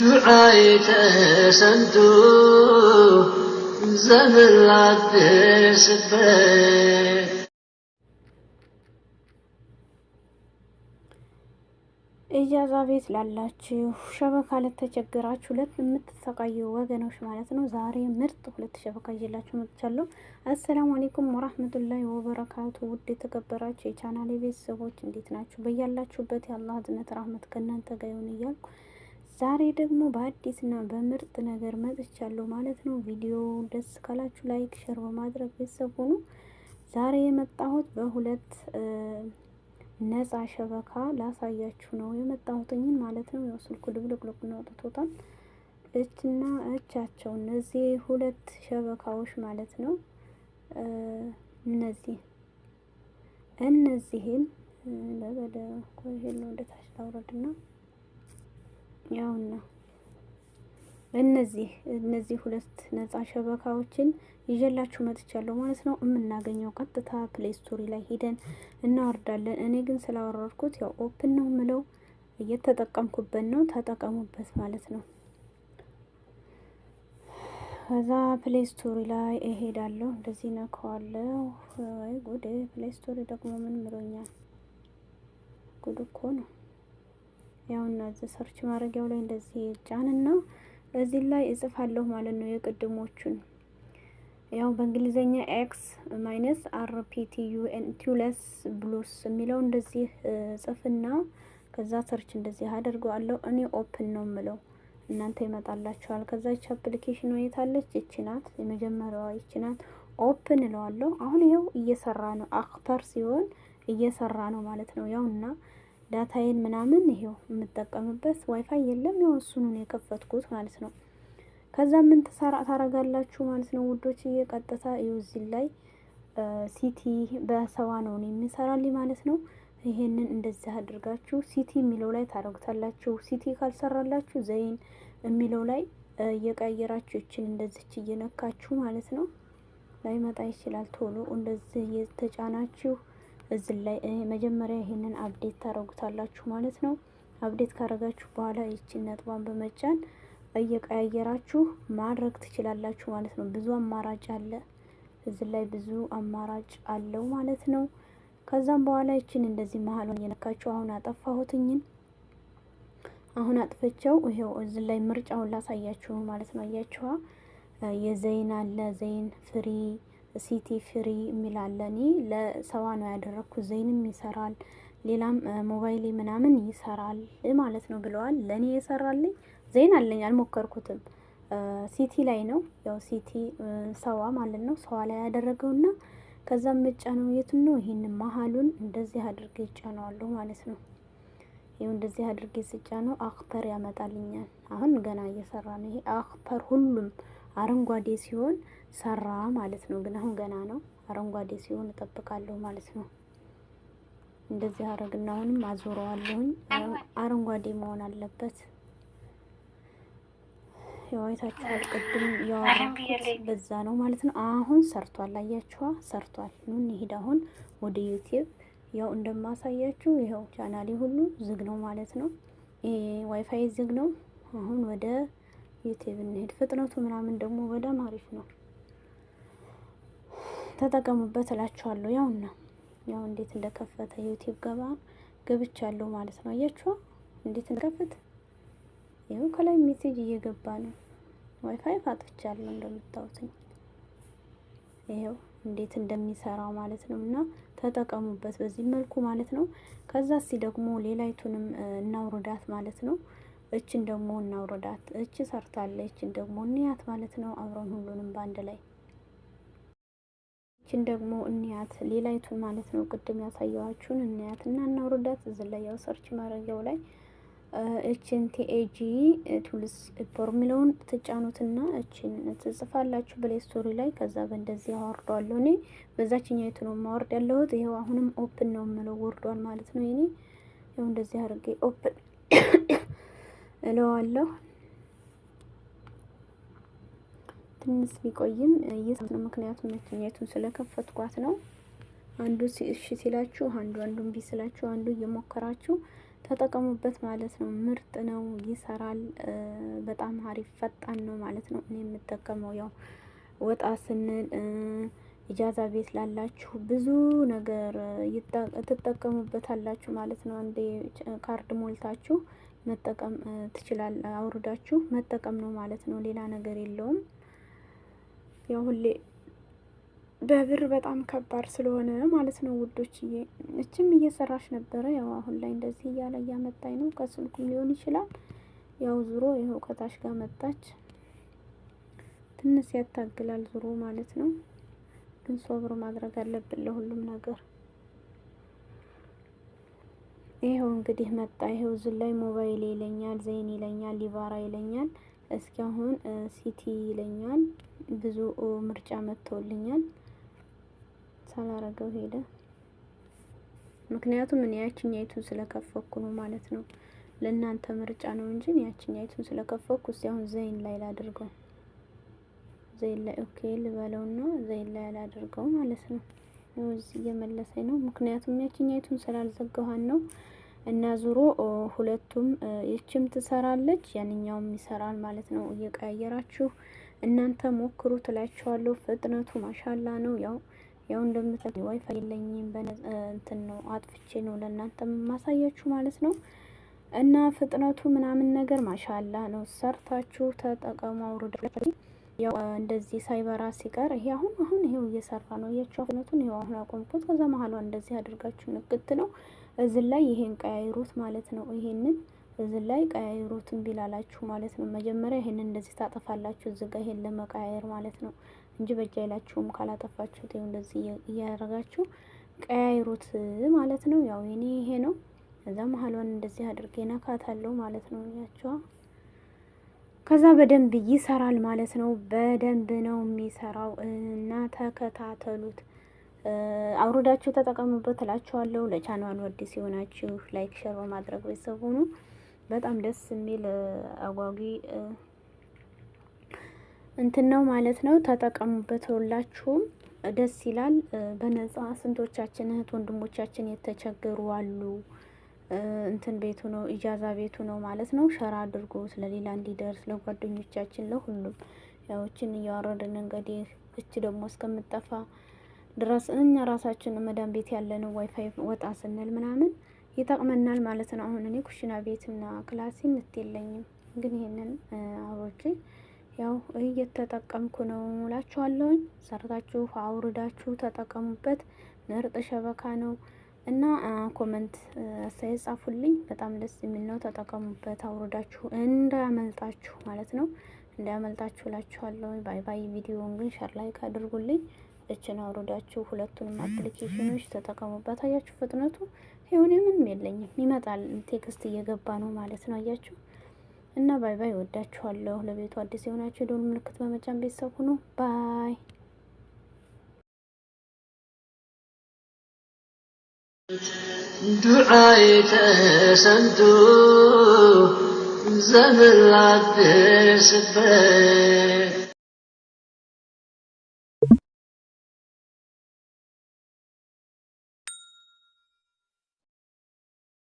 ዱዓይ ተሰምቶ ዘምር ቤት ላላችሁ ሸበካ ለተቸገራችሁ ሁለት የምትሰቃዩ ወገኖች ማለት ነው። ዛሬ ምርጥ ሁለት ሸበካ እየላችሁ መጥቻለሁ። አሰላሙ አሌይኩም ወራህመቱላሂ ወበረካቱ። ውድ የተከበራችሁ የቻናሌ ቤተሰቦች እንዴት ናችሁ? በያላችሁበት የአላህ ዝነት ራህመት ከእናንተ ጋር ይሁን እያልኩ ዛሬ ደግሞ በአዲስና በምርጥ ነገር መጥቻለሁ ማለት ነው። ቪዲዮ ደስ ካላችሁ ላይክ፣ ሸር በማድረግ ቤተሰብ ሁኑ። ዛሬ የመጣሁት በሁለት ነጻ ሸበካ ላሳያችሁ ነው የመጣሁትኝን ማለት ነው። ያው ስልኩ ድብልቅልቅ ነው አውጥቶታል። እችና እቻቸው እነዚህ ሁለት ሸበካዎች ማለት ነው። እነዚህ እነዚህን ለበደ ኮሄል ነው እንደታች ላውረድና ያውና እነዚህ እነዚህ ሁለት ነፃ ሸበካዎችን ይዤላችሁ መጥቻለሁ ማለት ነው። የምናገኘው ቀጥታ ፕሌይ ስቶሪ ላይ ሄደን እናወርዳለን። እኔ ግን ስላወረድኩት ያው ኦፕን ነው ምለው እየተጠቀምኩበት ነው። ተጠቀሙበት ማለት ነው። ከዛ ፕሌይ ስቶሪ ላይ እሄዳለሁ። እንደዚህ ነከዋለሁ። ወይ ጉድ! ፕሌይ ስቶሪ ደግሞ ምን ምሎኛል? ጉድ እኮ ነው። ያው እነዚህ ሰርች ማድረጊያው ላይ እንደዚህ ጫንና እዚህ ላይ እጽፋለሁ ማለት ነው የቅድሞቹን ያው በእንግሊዘኛ ኤክስ ማይነስ አርፒቲዩኤን ቲዩለስ ብሉስ የሚለው እንደዚህ ጽፍና ከዛ ሰርች እንደዚህ አደርገዋለሁ። እኔ ኦፕን ነው የምለው፣ እናንተ ይመጣላችኋል። ከዛ ይች አፕሊኬሽን ወይታለች፣ ይቺ ናት የመጀመሪያዋ፣ ይቺ ናት። ኦፕን እለዋለሁ። አሁን ያው እየሰራ ነው። አክተር ሲሆን እየሰራ ነው ማለት ነው ያውና ዳታዬን ምናምን ይሄው የምጠቀምበት ዋይፋይ የለም። ያው እሱን ነው የከፈትኩት ማለት ነው። ከዛ ምን ተሰራ ታረጋላችሁ ማለት ነው ውዶች፣ እየቀጥታ ይኸው እዚህ ላይ ሲቲ በሰባ ነው የሚሰራል ማለት ነው። ይሄንን እንደዚህ አድርጋችሁ ሲቲ የሚለው ላይ ታረጉታላችሁ። ሲቲ ካልሰራላችሁ ዘይን የሚለው ላይ እየቀየራችሁ ይችን እንደዚች እየነካችሁ ማለት ነው። ላይ መጣ ይችላል ቶሎ እንደዚህ እየተጫናችሁ እዚህ ላይ መጀመሪያ ይሄንን አብዴት ታደረጉታላችሁ ማለት ነው። አብዴት ካደረጋችሁ በኋላ ይችን ነጥቧን በመጫን እየቀያየራችሁ ማድረግ ትችላላችሁ ማለት ነው። ብዙ አማራጭ አለ። እዚ ላይ ብዙ አማራጭ አለው ማለት ነው። ከዛም በኋላ ይችን እንደዚህ መሀሏን እየነካችሁ አሁን አጠፋሁትኝን አሁን አጥፈቸው ይሄው እዚ ላይ ምርጫውን ላሳያችሁ ማለት ነው። አያችኋ የዘይን አለ ዘይን ፍሪ ሲቲ ፍሪ የሚላለ እኔ ለሰዋ ነው ያደረግኩት። ዘይንም ይሰራል ሌላም ሞባይሌ ምናምን ይሰራል ማለት ነው ብለዋል። ለእኔ የሰራልኝ ዘይን አለኝ አልሞከርኩትም። ሲቲ ላይ ነው ያው ሲቲ ሰዋ ማለት ነው ሰዋ ላይ ያደረገውና ከዛም ምጫ ነው የት ነው ይህን መሀሉን እንደዚህ አድርጌ ይጫነዋለሁ ማለት ነው። ይሄው እንደዚህ አድርጌ ነው አክተር ያመጣልኛል። አሁን ገና እየሰራ ነው። ይሄ አክተር ሁሉም አረንጓዴ ሲሆን ሰራ ማለት ነው። ግን አሁን ገና ነው። አረንጓዴ ሲሆን እጠብቃለሁ ማለት ነው። እንደዚህ አረግና አሁንም አዞረዋለሁኝ። አረንጓዴ መሆን አለበት። ያው ቅድም ያወራኩት በዛ ነው ማለት ነው። አሁን ሰርቷል፣ አያችኋ፣ ሰርቷል። ምን ይሄድ አሁን ወደ ዩቲዩብ ያው እንደማሳያችሁ ይኸው ቻናሌ ሁሉ ዝግ ነው ማለት ነው። ይሄ ዋይፋይ ዝግ ነው። አሁን ወደ ዩቲዩብ እንሄድ። ፍጥነቱ ምናምን ደግሞ በጣም አሪፍ ነው። ተጠቀሙበት እላችኋለሁ። ያውና ያው እንዴት እንደከፈተ ዩቲዩብ ገባ ገብቻ ያለው ማለት ነው። አያችኋ እንዴት እንደከፈተ ይኸው ከላይ ሜሴጅ እየገባ ነው። ዋይፋይ ፋጥቻለሁ እንደምታውቁኝ ይሄው እንዴት እንደሚሰራ ማለት ነው። እና ተጠቀሙበት በዚህ መልኩ ማለት ነው። ከዛ ሲ ደግሞ ሌላይቱንም እናውርዳት ማለት ነው። እችን ደግሞ እናውርዳት። እች ሰርታለች። እችን ደግሞ እንያት ማለት ነው። አብረን ሁሉንም በአንድ ላይ ይችን ደግሞ እንያት ሌላይቱን ማለት ነው። ቅድም ያሳየዋችሁን እንያት እና እናውርዳት እዚህ ላይ ያው ሰርች ማድረጊያው ላይ እችን ቲኤጂ ቱልስ ፖር ፎርሚለውን ትጫኑትና እችን ትጽፋላችሁ ብላይ ስቶሪ ላይ። ከዛ በእንደዚህ አወርደዋለሁ እኔ የቱ ነው ማወርድ ያለሁት። ይኸው አሁንም ኦፕን ነው የምለው ወርዷል ማለት ነው። ይኔ ያው እንደዚህ አድርጌ ኦፕን እለዋለሁ። ትንሽ ቢቆይም እየሳት ነው። ምክንያቱም መኪናቱን ስለከፈትኳት ነው። አንዱ እሺ ሲላችሁ አንዱ አንዱ እምቢ አንዱ እየሞከራችሁ ተጠቀሙበት ማለት ነው። ምርጥ ነው፣ ይሰራል። በጣም አሪፍ ፈጣን ነው ማለት ነው። እኔ የምጠቀመው ያው ወጣ ስንል ኢጃዛ ቤት ላላችሁ ብዙ ነገር ትጠቀሙበታላችሁ ማለት ነው። አንዴ ካርድ ሞልታችሁ መጠቀም ትችላል፣ አውርዳችሁ መጠቀም ነው ማለት ነው። ሌላ ነገር የለውም። ያው ሁሌ በብር በጣም ከባድ ስለሆነ ማለት ነው ውዶችዬ። እችም እየሰራች ነበረ። ያው አሁን ላይ እንደዚህ እያለ እያመጣኝ ነው። ከስልኩም ሊሆን ይችላል። ያው ዙሮ ይኸው ከታች ጋር መጣች። ትንሽ ያታግላል ዙሮ ማለት ነው። ግን ሶብር ማድረግ አለብን ለሁሉም ነገር። ይኸው እንግዲህ መጣ። ይኸው እዚህ ላይ ሞባይል ይለኛል፣ ዘይን ይለኛል፣ ሊባራ ይለኛል እስኪ አሁን ሲቲ ይለኛል። ብዙ ምርጫ መጥቶልኛል ሳላረገው ሄደ። ምክንያቱም እኔ ያችኛይቱን ስለከፈኩ ነው ማለት ነው። ለእናንተ ምርጫ ነው እንጂ ያችኛይቱን ስለከፈኩ እስቲ አሁን ዘይን ላይ ላድርገው። ዘይን ላይ ኦኬ ልበለውና ዘይን ላይ ላድርገው ማለት ነው። እዚህ እየመለሰኝ ነው። ምክንያቱም ያችኛይቱን ስላልዘጋኋን ነው እና ዙሮ ሁለቱም ይችም ትሰራለች፣ ያንኛውም ይሰራል ማለት ነው። እየቀያየራችሁ እናንተ ሞክሩ ትላችኋለሁ። ፍጥነቱ ማሻላ ነው። ያው ያው እንደምታዩ ዋይፋይ የለኝም እንትን ነው አጥፍቼ ነው ለእናንተ ማሳያችሁ ማለት ነው። እና ፍጥነቱ ምናምን ነገር ማሻላ ነው። ሰርታችሁ ተጠቀሙ። አውርዳችሁ ያው እንደዚህ ሳይበራ ሲቀር ይሄ አሁን አሁን ይሄው እየሰራ ነው። ያቻው ፍጥነቱን ይሄው አሁን አቆምኩት። ከዛ መሀሏ እንደዚህ አድርጋችሁ ንቅት ነው እዚን ላይ ይሄን ቀያይሩት ማለት ነው። ይሄንን እዝን ላይ ቀያይሩት ቢላላችሁ ማለት ነው። መጀመሪያ ይሄንን እንደዚህ ታጠፋላችሁ። እዚህ ጋር ይሄን ለመቀያየር ማለት ነው እንጂ በጃይላችሁም አይላችሁም። ካላጠፋችሁት እንደዚህ እያደረጋችሁ ቀያይሩት ማለት ነው። ያው የኔ ይሄ ነው። ከዛ መሀሏን እንደዚህ አድርጌ ነካታለሁ ማለት ነው። ያችዋ ከዛ በደንብ ይሰራል ማለት ነው። በደንብ ነው የሚሰራው እና ተከታተሉት። አውርዳችሁ ተጠቀሙበት እላችኋለሁ። ለቻናሉ አዲስ የሆናችሁ ላይክ፣ ሼር በማድረግ ቤተሰብ ሁኑ። በጣም ደስ የሚል አጓጊ እንትን ነው ማለት ነው። ተጠቀሙበት ሁላችሁም፣ ደስ ይላል። በነጻ ስንቶቻችን እህት ወንድሞቻችን የተቸገሩ አሉ። እንትን ቤቱ ነው ኢጃዛ ቤቱ ነው ማለት ነው። ሸራ አድርጎት ለሌላ እንዲደርስ ለጓደኞቻችን፣ ለሁሉም ያዎችን እያወረድን እንግዲህ እች ደግሞ እስከምጠፋ ድረስ እኛ ራሳችን መዳን ቤት ያለነው ዋይፋይ ወጣ ስንል ምናምን ይጠቅመናል ማለት ነው። አሁን እኔ ኩሽና ቤትና ክላሲ ምት የለኝም፣ ግን ይሄንን አውርጄ ያው እየተጠቀምኩ ነው ሙላችኋለውኝ። ሰርታችሁ አውርዳችሁ ተጠቀሙበት። ምርጥ ሸበካ ነው እና ኮመንት አስተያየት ጻፉልኝ። በጣም ደስ የሚል ነው። ተጠቀሙበት፣ አውርዳችሁ እንዳያመልጣችሁ ማለት ነው። እንዳያመልጣችሁ እላችኋለሁኝ። ባይ ባይ። ቪዲዮውን ግን ሸር ላይክ አድርጉልኝ። እችን አውርዳችሁ ሁለቱንም አፕሊኬሽኖች ተጠቀሙበት አያችሁ ፍጥነቱ የሆነ ምንም የለኝም ይመጣል። ቴክስት እየገባ ነው ማለት ነው። አያችሁ እና ባይ ባይ። ወዳችኋለሁ። ለቤቱ አዲስ የሆናችሁ የደወል ምልክት በመጫን ቤተሰብ ሁኑ። ባይ ዱዓይ ተሰምቶ ዘመን